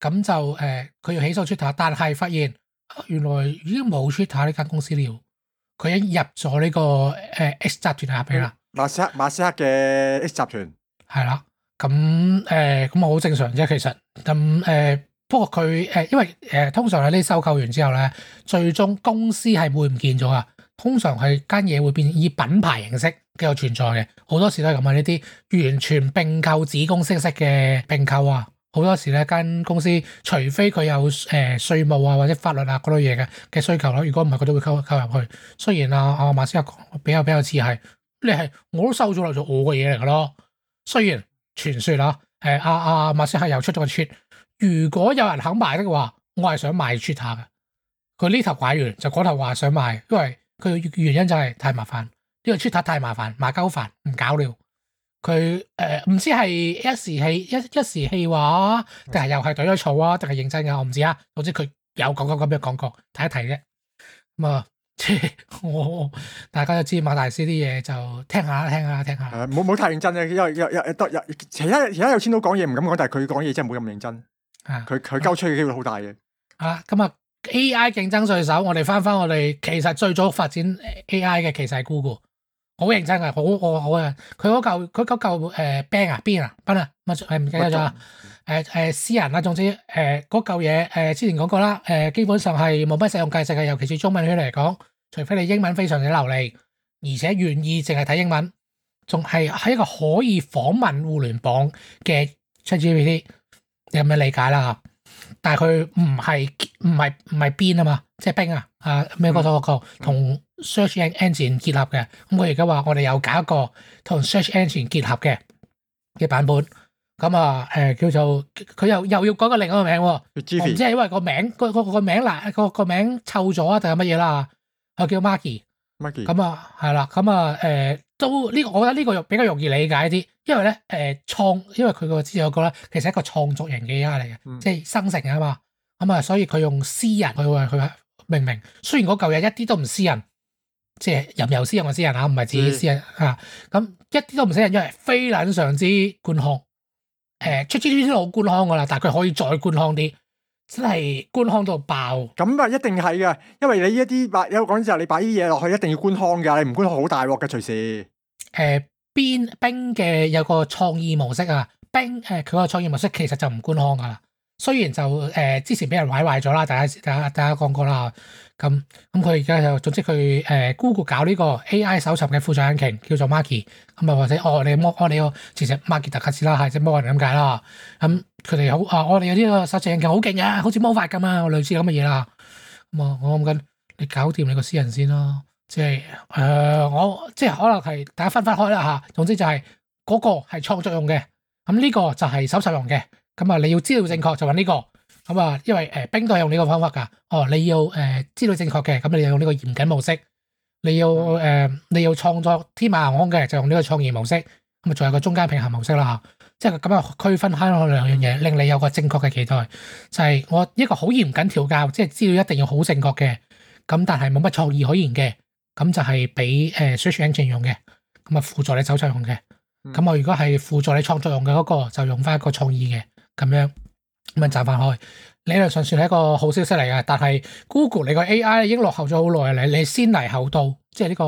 咁就誒佢，呃，要起訴 Twitter，但係發現原來已經冇 Twitter 呢間公司了，佢已經入咗呢、這個誒、呃、X 集團下邊啦，馬斯克馬斯克嘅 X 集團，係啦，咁誒咁好正常啫，其實咁誒。不過佢因為、呃、通常喺呢收購完之後咧，最終公司係會唔見咗啊！通常係間嘢會變成以品牌形式繼續存在嘅，好多時都係咁啊！呢啲完全並購子公司式嘅並購啊，好多時咧，間公司，除非佢有誒稅、呃、務啊或者法律啊嗰類嘢嘅嘅需求咯，如果唔係佢都會扣入去。雖然阿、啊、阿、啊、馬斯克比較比較似係，你係我都收咗落做我嘅嘢嚟噶咯。雖然傳説啦，誒阿阿馬斯克又出咗個傳。如果有人肯賣的話，我係想賣 Twitter 嘅。佢呢頭拐完就嗰頭話想賣，因為佢原因就係太麻煩，呢、這個 Twitter 太麻煩，馬麻鳩煩，唔搞了。佢誒唔知係一時氣一一時氣話，定係又係懟咗草啊？定係認真嘅我唔知啊。總之佢有講過咁嘅講過，睇一睇啫。咁、嗯、啊，我 大家都知馬大師啲嘢就聽下聽下聽下。唔好好太認真啦，因為有有有，有其他其他，其他有錢佬講嘢唔敢講，但係佢講嘢真係冇咁認真。啊！佢佢交出嘅機會好大嘅。啊，咁啊，AI 競爭對手，我哋翻翻我哋其實最早發展 AI 嘅其實係 Google，好認真嘅，好我好啊。佢嗰嚿佢嗰嚿誒 band 啊 bin 啊乜？i 係唔記得咗？誒誒，私人啦、啊。總之誒嗰嚿嘢誒，之前講過啦，誒、啊、基本上係冇乜使用價值嘅，尤其是中文圈嚟講，除非你英文非常之流利，而且願意淨係睇英文，仲係喺一個可以訪問互聯網嘅 ChatGPT。你有咩理解啦？嚇，但係佢唔係唔係唔係邊啊嘛，即係冰啊啊咩嗰首同 search engine 結合嘅。咁佢而家話我哋又搞一個同 search engine 結合嘅嘅版本。咁、嗯、啊誒、呃、叫做佢又又要改個另一個名喎、啊。唔知係因為個名個個個名嗱個個名臭咗啊定係乜嘢啦？佢叫 Marki、嗯。Marki、嗯。咁啊係啦，咁啊誒。嗯嗯嗯嗯都呢、這個，我覺得呢個又比較容易理解啲，因為咧，誒、呃、創，因為佢個資料我覺得其實係一個創作型嘅嘢嚟嘅，即係生成啊嘛，咁啊，所以佢用私人去，去話佢命名雖然嗰嚿嘢一啲都唔私人，即係任由私人嘅私人嚇，唔係自己私人嚇，咁、嗯啊嗯、一啲都唔私人，因為非常之官腔，誒、呃，出出啲先好官腔噶啦，但係佢可以再官腔啲，真係官腔到爆，咁啊一定係嘅，因為你依一啲擺有講之後，你擺啲嘢落去一定要官腔㗎，你唔官好大鑊嘅隨時。誒邊冰嘅有個創意模式啊！冰誒佢個創意模式其實就唔觀看㗎啦。雖然就誒、呃、之前俾人毀壞咗啦，大家大家大家講過啦。咁咁佢而家就總之佢誒、呃、Google 搞呢個 A I 搜尋嘅副掌引擎叫做 Magi 咁、嗯、啊，或者哦你摸哦你嘅其實 Magi 特克斯啦係即魔人咁解啦。咁佢哋好啊，我哋、哦、有呢個搜尋引擎好勁啊，好似魔法咁啊，類似咁嘅嘢啦。咁、嗯、啊，我諗緊你搞掂你個私人先咯。即係誒，我即係可能係大家分分開啦嚇。總之就係、是、嗰、那個係創作用嘅，咁、這、呢個就係蒐集用嘅。咁啊，你要資料正確就揾呢、這個。咁啊，因為誒 Bing 都係用呢個方法㗎。哦，你要誒資料正確嘅，咁你就用呢個嚴謹模式。你要誒、呃、你要創作天馬行空嘅，就用呢個創意模式。咁啊，仲有個中間平衡模式啦吓，即係咁樣區分開兩樣嘢，令你有個正確嘅期待。就係、是、我一個好嚴謹調教，即係資料一定要好正確嘅。咁但係冇乜創意可言嘅。咁就係俾誒 search engine 用嘅，咁啊輔助你搜尋用嘅。咁我如果係輔助你創作用嘅嗰、那個，就用翻一個創意嘅，咁樣咁樣賺翻開。理論上算係一個好消息嚟嘅，但係 Google 你個 AI 已經落後咗好耐。你你先嚟後到，即係呢、這個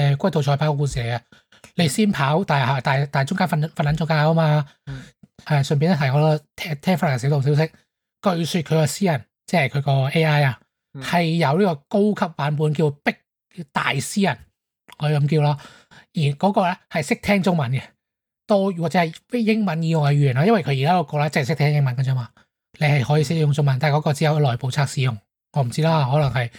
誒龜、呃、兔賽跑嘅故事嚟啊。你先跑，但係但係中間瞓瞓捻咗覺啊嘛。係、嗯、順便一提到我，我聽聽翻嚟小道消息，據說佢個私人即係佢個 AI 啊、嗯，係有呢個高級版本叫逼叫大詩人，可以咁叫啦。而嗰個咧係識聽中文嘅，多或者係非英文以外嘅語言啦。因為佢而家嗰個咧淨係識聽英文嘅啫嘛。你係可以識用中文，但係嗰個只有內部測試用，我唔知啦，可能係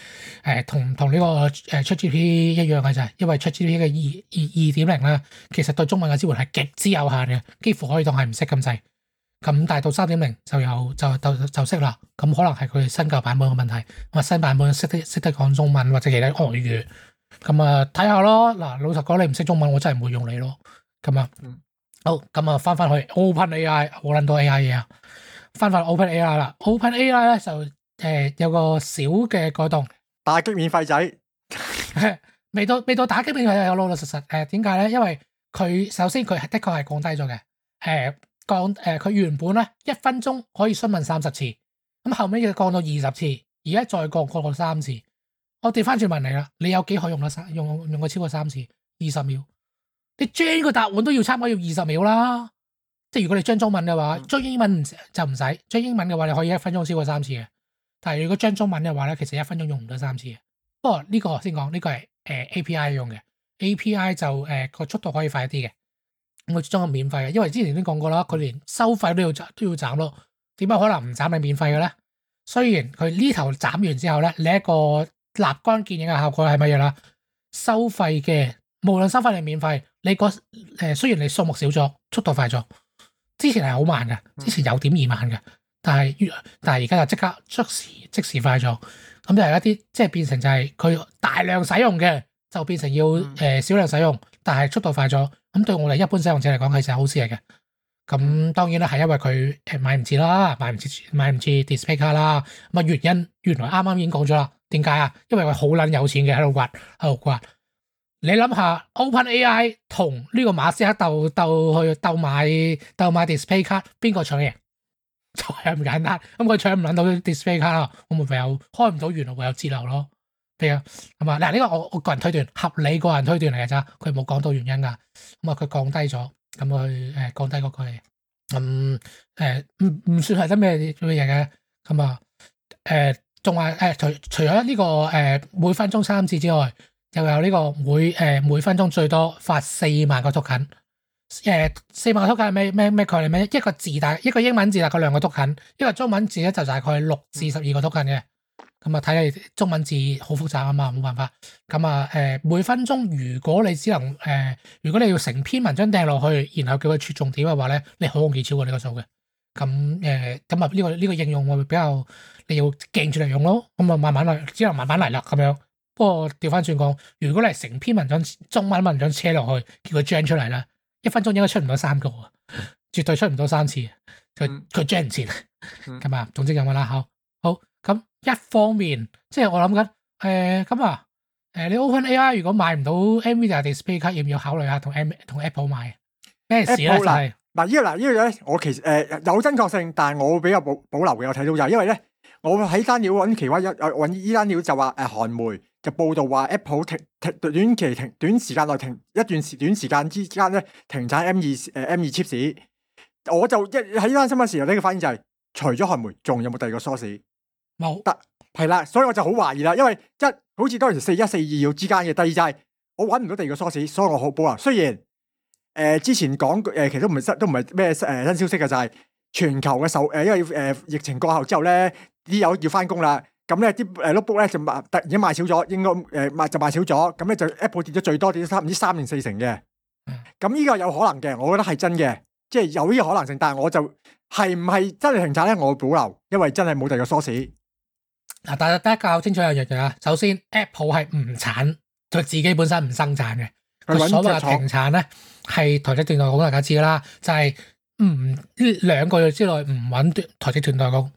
誒同同呢個誒、呃、ChatGPT 一樣嘅就係，因為 ChatGPT 嘅二二二點零咧，其實對中文嘅支援係極之有限嘅，幾乎可以當係唔識咁滯。咁大到三點零就有就就就識啦，咁可能係佢新舊版本嘅問題。我新版本識得識得講中文，或者其他外語，咁啊睇下咯。嗱，老實講，你唔識中文，我真係唔會用你咯。咁啊，好，咁啊翻翻去 Open AI，我諗到 AI 嘢啊，翻翻 Open AI 啦。Open AI 咧就誒有個小嘅改動，打擊免費仔，未到未到打擊免費，老老實實誒點解咧？因為佢首先佢係的確係降低咗嘅，誒。佢原本咧一分鐘可以詢問三十次，咁後尾又降到二十次，而家再降降到三次。我哋翻轉問你啦，你有幾可用得三用用過超過三次？二十秒，你將個答案都要差唔多要二十秒啦。即係如果你將中文嘅話，將英文就唔使；將英文嘅話，你可以一分鐘超過三次嘅。但係如果將中文嘅話咧，其實一分鐘用唔到三次嘅。不過呢個先講，呢、呢個係 API 用嘅，API 就個、呃、速度可以快啲嘅。我最終係免費嘅，因為之前都講過啦，佢連收費都要斬，都要斬咯。點解可能唔斬你免費嘅咧？雖然佢呢頭斬完之後咧，你、這、一個立竿見影嘅效果係乜嘢啦？收費嘅，無論收費定免費，你嗰誒、呃、雖然你數目少咗，速度快咗。之前係好慢嘅，之前有點二慢嘅，但係但係而家就即刻即時即時快咗。咁就係一啲即係變成就係佢大量使用嘅，就變成要誒少、呃、量使用，但係速度快咗。咁對我哋一般使用者嚟講係成好事嚟嘅，咁當然啦，係因為佢誒買唔切啦，買唔切買唔切 display 卡啦。咁啊原因原來啱啱已經講咗啦，點解啊？因為佢好捻有錢嘅喺度掘喺度掘。你諗下，OpenAI 同呢個馬斯克鬥鬥去鬥,鬥,鬥,鬥,鬥買鬥買 display 卡，邊個搶贏？就係咁簡單。咁、嗯、佢搶唔捻到 display 卡啦，我咪唯有開唔到，原來唯有自留咯。譬如，咁啊，嗱呢個我我個人推斷，合理個人推斷嚟㗎咋，佢冇講到原因㗎，咁啊佢降低咗，咁佢誒降低嗰句，嗯誒唔唔算係得咩咩嘢嘅，咁啊誒仲話誒除除咗呢、這個誒、呃、每分鐘三次之外，又有呢個每誒、呃、每分鐘最多發四萬個篤緊，誒、呃、四萬個篤緊係咩咩咩概念？咩一個字大一個英文字大概兩個篤緊，一個中文字咧就大概六至十二個篤緊嘅。咁啊，睇下中文字好複雜啊嘛，冇辦法。咁啊，誒，每分鐘如果你只能誒，如果你要成篇文章掟落去，然後叫佢出重點嘅話咧，你好容易超過呢個數嘅。咁誒，咁啊呢個呢個應用會比較你要鏡住嚟用咯。咁啊，慢慢嚟，只能慢慢嚟啦咁樣。不過調翻轉講，如果你係成篇文章中文文章車落去，叫佢 jam 出嚟啦，一分鐘應該出唔到三個啊，絕對出唔到三次。佢佢 jam 唔切，咁、嗯、啊、嗯，總之就冇啦。好，好。咁一方面，即係我諗緊，誒、呃，咁啊，誒、呃，你 Open AI 如果買唔到 NVIDIA Display 卡，要唔要考慮下同 M 同 Apple 買咩咩 p 好 e 嗱嗱呢 Apple、就是這個嗱呢、這個咧，我其實誒、呃、有真確性，但係我會比較保保留嘅。我睇到就係因為咧，我喺單料揾奇威一，誒揾呢單料就話，誒韓媒就報道話 Apple 停停短期停短時間內停一段時短時間之間咧停產 M 二、呃、誒 M 二 chips，我就一喺呢單新聞時候呢個反應就係、是，除咗韓媒，仲有冇第二個 source？冇，得係啦，所以我就好懷疑啦，因為一好似當時四一四二二之間嘅第二就係我搵唔到第二個 source，所以我好保留！雖然誒、呃、之前講誒、呃、其實都唔係都唔係咩誒新消息嘅就係、是、全球嘅受誒、呃、因為誒疫情過後之後咧啲友要翻工啦，咁咧啲誒 notebook 咧就賣突然間賣少咗，應該誒賣就賣少咗，咁咧就 apple 跌咗最多跌咗三唔知三成四成嘅，咁、嗯、呢個有可能嘅，我覺得係真嘅，即係有呢個可能性，但係我就係唔係真係停產咧，我保留，因為真係冇第二個 source。嗱，大家得清楚嘅嘢嘅，首先 Apple 係唔產，佢自己本身唔生產嘅。佢所謂停產咧，係台積電代工，大家知㗎啦。就係唔呢兩個月之內唔揾台積電代工，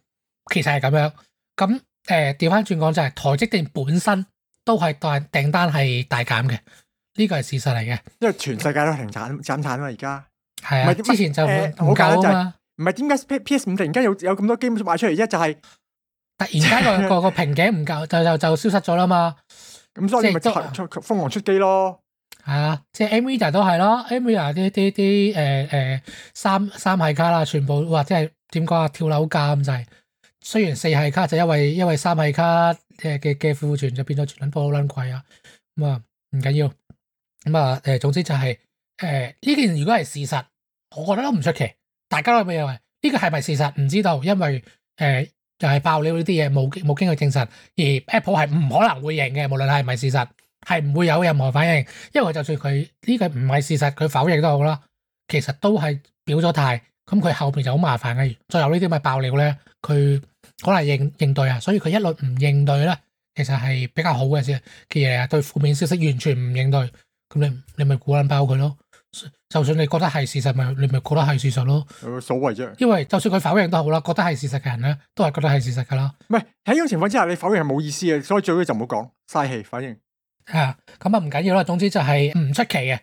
其實係咁樣。咁誒調翻轉講就係台積電本身都係大訂單係大減嘅，呢個係事實嚟嘅。因為全世界都停產減產啊嘛，而家係啊。之前就好搞得啊嘛。唔係點解 PS5 突然間有有咁多機買出嚟？一就係。突然間個個個瓶頸唔夠，就就就消失咗啦嘛！咁所以你咪出瘋狂出機咯，係啊！即係 MVD 都係咯，MVD 啲啲啲誒誒三三係卡啦，全部或者係點講啊？跳樓價咁就係。雖然四係卡就因為因為三係卡嘅嘅嘅庫存就變咗全部好撚貴啊！咁啊唔緊要，咁啊誒總之就係誒呢件如果係事實，我覺得都唔出奇，大家都係咪認為呢個係咪事實唔知道，因為誒。就係爆料呢啲嘢冇冇經過證實，而 Apple 係唔可能會認嘅，無論係唔係事實，係唔會有任何反應。因為就算佢呢個唔係事實，佢否認都好啦，其實都係表咗態。咁佢後面就好麻煩嘅，再有呢啲咁嘅爆料咧，佢可能應應對啊。所以佢一律唔應對咧，其實係比較好嘅事。其實係對負面消息完全唔應對，咁你你咪估撚爆佢咯。就算你覺得係事實，咪你咪覺得係事實咯，有乜所謂啫？因為就算佢否認都好啦，覺得係事實嘅人咧，都係覺得係事實㗎啦。唔係喺呢種情況之下，你否認係冇意思嘅，所以最尾就唔好講，嘥氣反應。係啊，咁啊唔緊要啦，總之就係唔出奇嘅，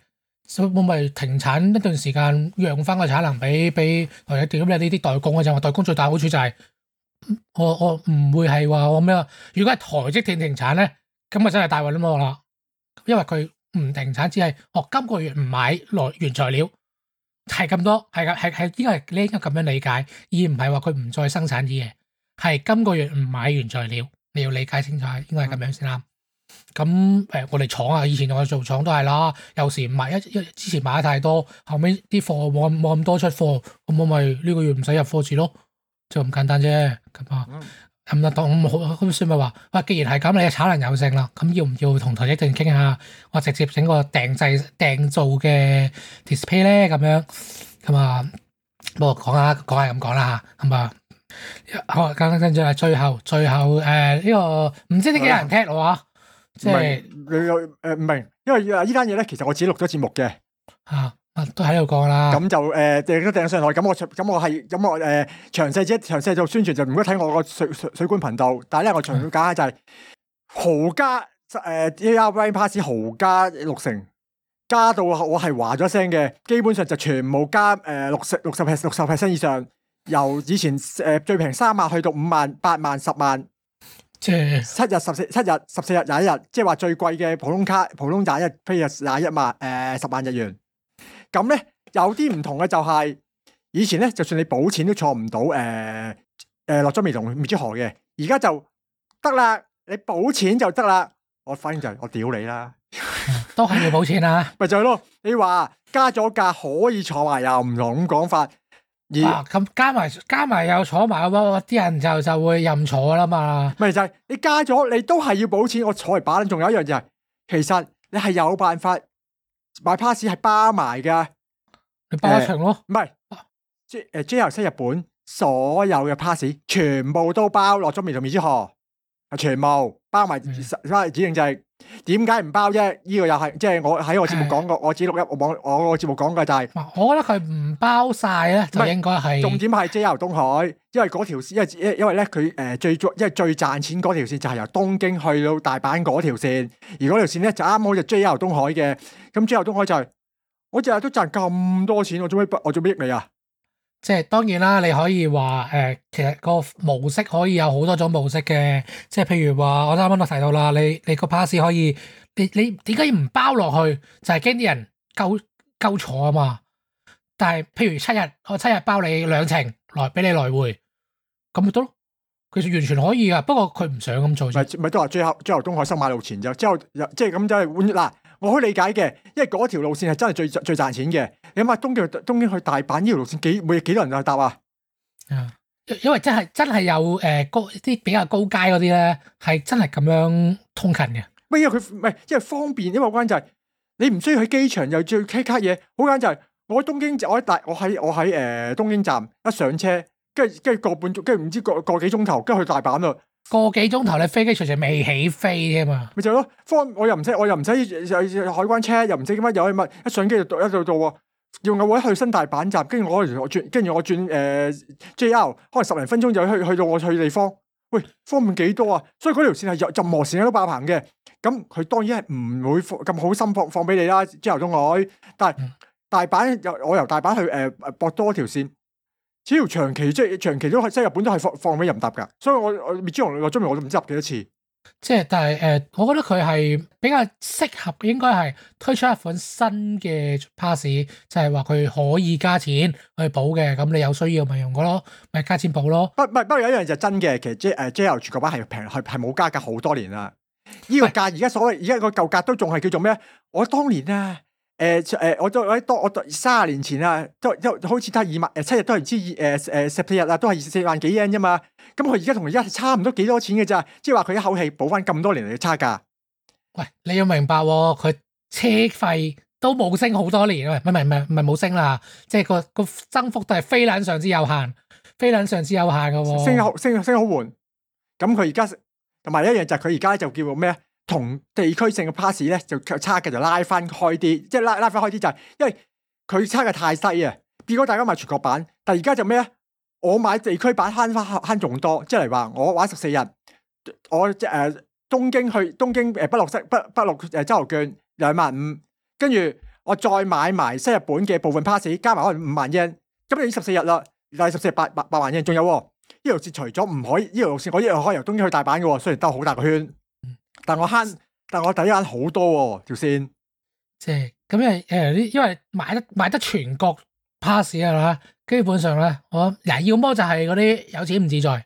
所我咪停產一段時間，讓返個產能俾俾台積電呢啲代工嘅啫。代工最大好處就係我我唔會係話我咩啊？如果係台積電停產咧，咁啊真係大鑊啦，因為佢。唔停產只係哦，今個月唔買來原材料係咁多，係係係應該係你應該咁樣理解，而唔係話佢唔再生產啲嘢，係今個月唔買原材料，你要理解清楚，應該係咁樣先啦。咁、嗯、誒、嗯嗯，我哋廠啊，以前我做廠都係啦，有時唔一一之前買得太多，後尾啲貨冇冇咁多出貨，咁我咪呢個月唔使入貨住咯，就咁簡單啫，咁、嗯、啊。咁、嗯、啊，同好，咁算咪話，喂，既然係咁，你嘅產能有剩啦，咁要唔要同台積電傾下，我直接整個訂製、訂造嘅 display 咧？咁樣咁啊，冇、嗯嗯、講下，講下咁講啦吓，咁、嗯、啊，好、嗯，跟住係最後，最後誒呢、呃這個唔知點解有人聽啦嚇，即係你唔明、呃明，因為呢單嘢咧，其實我自己錄咗節目嘅嚇。啊都喺度講啦，咁就誒訂都訂上去，咁我長咁我係咁我誒、呃、詳細啲，詳細做宣傳就唔該睇我個水水水管頻道。但係咧、就是，我長介就係豪加誒 JR Rail Pass 豪加六成加到我係話咗聲嘅，基本上就全部加誒六十六十 percent 六十 percent 以上，由以前誒最平三萬去到五萬八萬十萬，即係七日十四七日十四日廿一日，即係話最貴嘅普通卡普通廿一日飛廿廿一萬誒十、呃、萬日元。咁咧有啲唔同嘅就係以前咧，就算你補錢都坐唔到誒誒落咗未同未知河嘅，而家就得啦，你補錢就得啦。我反應 就係我屌你啦，都係要補錢呀。咪就係咯，你話加咗價可以坐埋又唔同咁講法。咁加埋加埋又坐埋，咁啲人就就會任坐啦嘛、就是。咪就係你加咗，你都係要補錢。我坐嚟把，仲有一樣嘢就係，其實你係有辦法。買 pass 係包埋嘅，誒，唔、呃、係，即係誒 JR 西日本，所有嘅 pass 全部都包落咗未同面之河，全部包埋，即係指定就係，點解唔包啫？呢個又係即係我喺我節目講過，我自己錄音，我我，我，我節目講過就係，我覺得佢唔包晒咧就應該係重點係 JR 東海，因為嗰條線，因為因因為咧佢誒最做，因為最賺錢嗰條線就係由東京去到大阪嗰條線，而嗰條線咧就啱好就 JR 東海嘅，咁 JR 東海就係我成日都賺咁多錢，我做乜不，我做乜益你啊？即係當然啦，你可以話誒，其實個模式可以有好多種模式嘅，即係譬如話我啱啱都提到啦，你你個 pass 可以，你你點解唔包落去？就係驚啲人夠夠坐啊嘛。但係譬如七日，我七日包你兩程來俾你來回，咁咪得咯。佢就完全可以噶，不過佢唔想咁做。咪咪都話最後最後東海收買路錢，後就即係即係咁即係換啦。嗯我可以理解嘅，因為嗰條路線係真係最最賺錢嘅。你諗下，東京東京去大阪呢條路線幾每日幾多人去搭啊？嗯，因為真係真係有誒、呃、高啲比較高階嗰啲咧，係真係咁樣通勤嘅。唔係因為佢唔係因為方便，因為好簡單，你唔需要去機場又最 K 卡嘢。好簡單就係我喺東京，我喺大，我喺我喺誒、呃、東京站一上車，跟住跟住個半鐘，跟住唔知個個幾鐘頭，跟住去大阪啦。個幾鐘頭你飛機隨時未起飛啫嘛，咪就係咯，方我又唔使，我又唔使又又海關 check 又唔使乜，又乜一上機就一度到喎，然後我去新大阪站，跟住我我轉，跟、呃、住我轉誒 JR，可能十零分鐘就去去到我去地方，喂方便幾多啊？所以嗰條線係任何航線都爆棚嘅。咁佢當然係唔會咁好心放放俾你啦，之後到我，但係大阪又、嗯、我由大阪去誒博、呃、多條線。只要長期即係長期都喺即係日本都係放放尾任搭㗎，所以我我未知我中日我都唔知入幾多次。即係但係誒、呃，我覺得佢係比較適合應該係推出一款新嘅 pass，就係話佢可以加錢去補嘅。咁你有需要咪用個咯，咪加錢補咯。不唔不過有一樣就真嘅，其實即係誒 JR 全國係平係係冇加價好多年啦。呢、這個價而家所謂而家個舊價都仲係叫做咩？我當年啊～誒、uh, 誒，我都喂，當我三十年前啊，都一開始都係二萬誒，七日都係唔知二誒誒十四日啦，都係二十四萬幾 yen 啫嘛。咁佢而家同而家差唔多幾多錢嘅咋？即係話佢一口氣補翻咁多年嚟嘅差價。喂，你要明白喎、哦，佢車費都冇升好多年啊，唔係唔係唔係冇升啦，即係、那個個增幅都係飛輪上之有限，飛輪上之有限嘅喎、哦。升好升升好緩。咁佢而家同埋一樣就係佢而家就叫做咩？同地區性嘅 pass 咧就較差嘅就拉翻開啲，即係拉拉翻開啲就係，因為佢差嘅太細啊！結果大家買全國版，但而家就咩咧？我買地區版慳翻慳仲多，即係嚟話我玩十四日，我即誒、呃、東京去東京誒北陸、北、北陸誒周遊券兩萬五，跟住我再買埋西日本嘅部分 pass 加埋可能五萬 yen，咁已經十四日啦，但係十四日八八八萬 yen 仲有喎、哦。呢條線除咗唔可以，呢條路線我一樣可以由東京去大阪嘅喎，雖然兜好大個圈。但我慳，但我抵眼好多喎、哦，條線。即係咁樣，誒因，、呃、因為買得買得全國 pass 㗎嘛，基本上咧，我嗱要麼就係嗰啲有錢唔自在，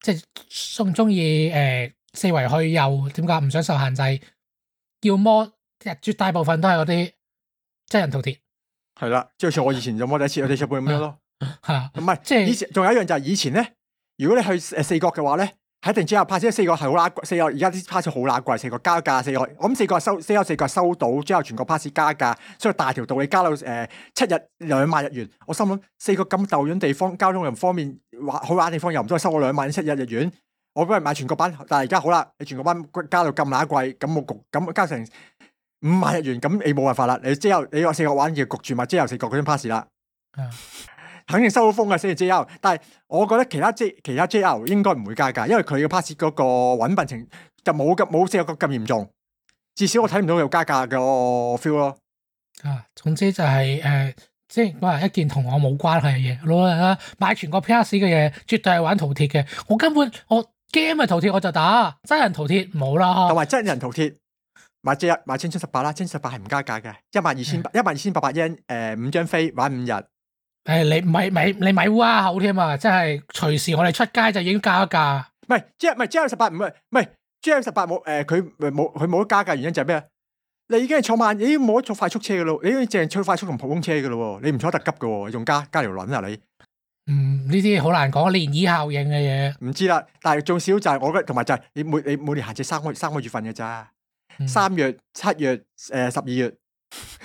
即係中中意誒四圍去又點解唔想受限制？要麼，其實絕大部分都係嗰啲真人淘鐵。係啦，即係好似我以前就摸第，第一次，我哋食半蚊咯。吓，唔係即係，以前仲有一樣就係以前咧，如果你去誒四國嘅話咧。喺定之後 pass 四個係好乸貴，四個而家啲 pass 好乸貴，四個加價，四個我諗四個收，四個四個收到之後，全國 pass 加價，所以大條道理加到誒、呃、七日兩萬日元，我心諗四個咁斗遠地方，交通又唔方便，玩好玩地方又唔多，收我兩萬日七日日元，我不如買全國版，但係而家好啦，你全國版加到咁乸貴，咁我焗咁加成五萬日元，咁你冇辦法啦。你之後你有四個玩要焗住咪，之後四個嗰種 pass 啦。嗯肯定收到風嘅，四 JR，但係我覺得其他 J 其他 JR 應該唔會加價，因為佢嘅 pass 嗰個揾笨程就冇咁冇四角咁嚴重，至少我睇唔到有加價嘅 feel 咯。啊，總之就係、是、誒、呃，即係嗰係一件同我冇關係嘅嘢。老人家買全個 pass 嘅嘢，絕對係玩饕餮嘅。我根本我驚咪饕餮我就打真人淘貼，冇啦同埋真人饕餮，買一日買青春十八啦，青春十八係唔加價嘅，一萬二千，一萬二千八百円，誒五張飛玩五日。誒，你唔係咪你咪烏鴉口添啊？即係隨時我哋出街就已經加價，唔係 J 唔係 GM 十八唔係唔係 GM 十八冇誒，佢冇佢冇得加價，原因就係咩？你已經係坐慢，已經冇得坐快速車噶啦，你已經淨係坐快速同普通車噶啦，你唔坐特急噶，仲加加條輪啊你？嗯，呢啲好難講，漣漪效應嘅嘢。唔知啦，但係最少就係我嘅，同埋就係你每你每年限制三個三個月份嘅咋，三月、七月、誒十二月，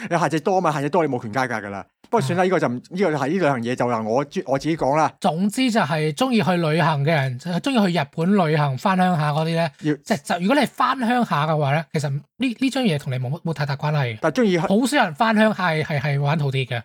你限制多啊嘛，限制多你冇權加價噶啦。不過算啦，呢、啊這個就唔呢、這個係呢兩樣嘢就嗱，我我自己講啦。總之就係中意去旅行嘅人，就中意去日本旅行翻鄉下嗰啲咧。要即係，就，是、就如果你係翻鄉下嘅話咧，其實呢呢張嘢同你冇冇太大關係。但係中意好少人翻鄉下係係玩土地嘅。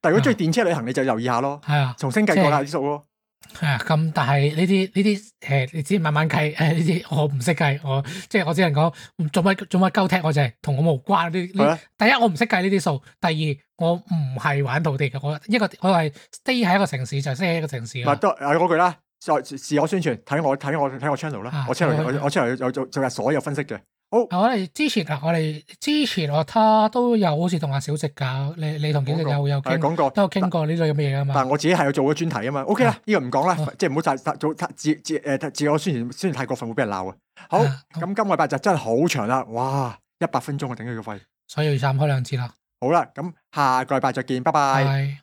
但如果中意電車旅行，你就留意下咯。係啊，重新計、就是、過啦，啲數咯。係啊，咁但係呢啲呢啲，誒，你只慢慢計，誒呢啲我唔識計，我即係我只能講做乜做乜鳩踢我，我就係同我冇關呢啲。第一我唔識計呢啲數，第二我唔係玩土地嘅，我，我一個我係 stay 喺一個城市就 stay 喺一個城市。唔係都啊嗰句啦，再自我宣傳，睇我睇我睇我 channel 啦，啊，我 channel 我頻道我 channel 有做最近所有分析嘅。好，哦、我哋之前啊，我哋之前我他都有好似同阿小食搞，你你同小食有冇有講過？都有傾過呢類咁嘅嘢啊嘛。但係我自己係要做個專題啊嘛。O K 啦，呢、OK 這個唔講啦，即係唔好太太做，做自自誒自,自我宣傳，宣傳太過分會俾人鬧啊。好，咁、嗯嗯、今個禮拜就真係好長啦，哇，一百分鐘我頂佢個肺。所以要岔開兩次啦。好啦，咁下個禮拜再見，拜拜。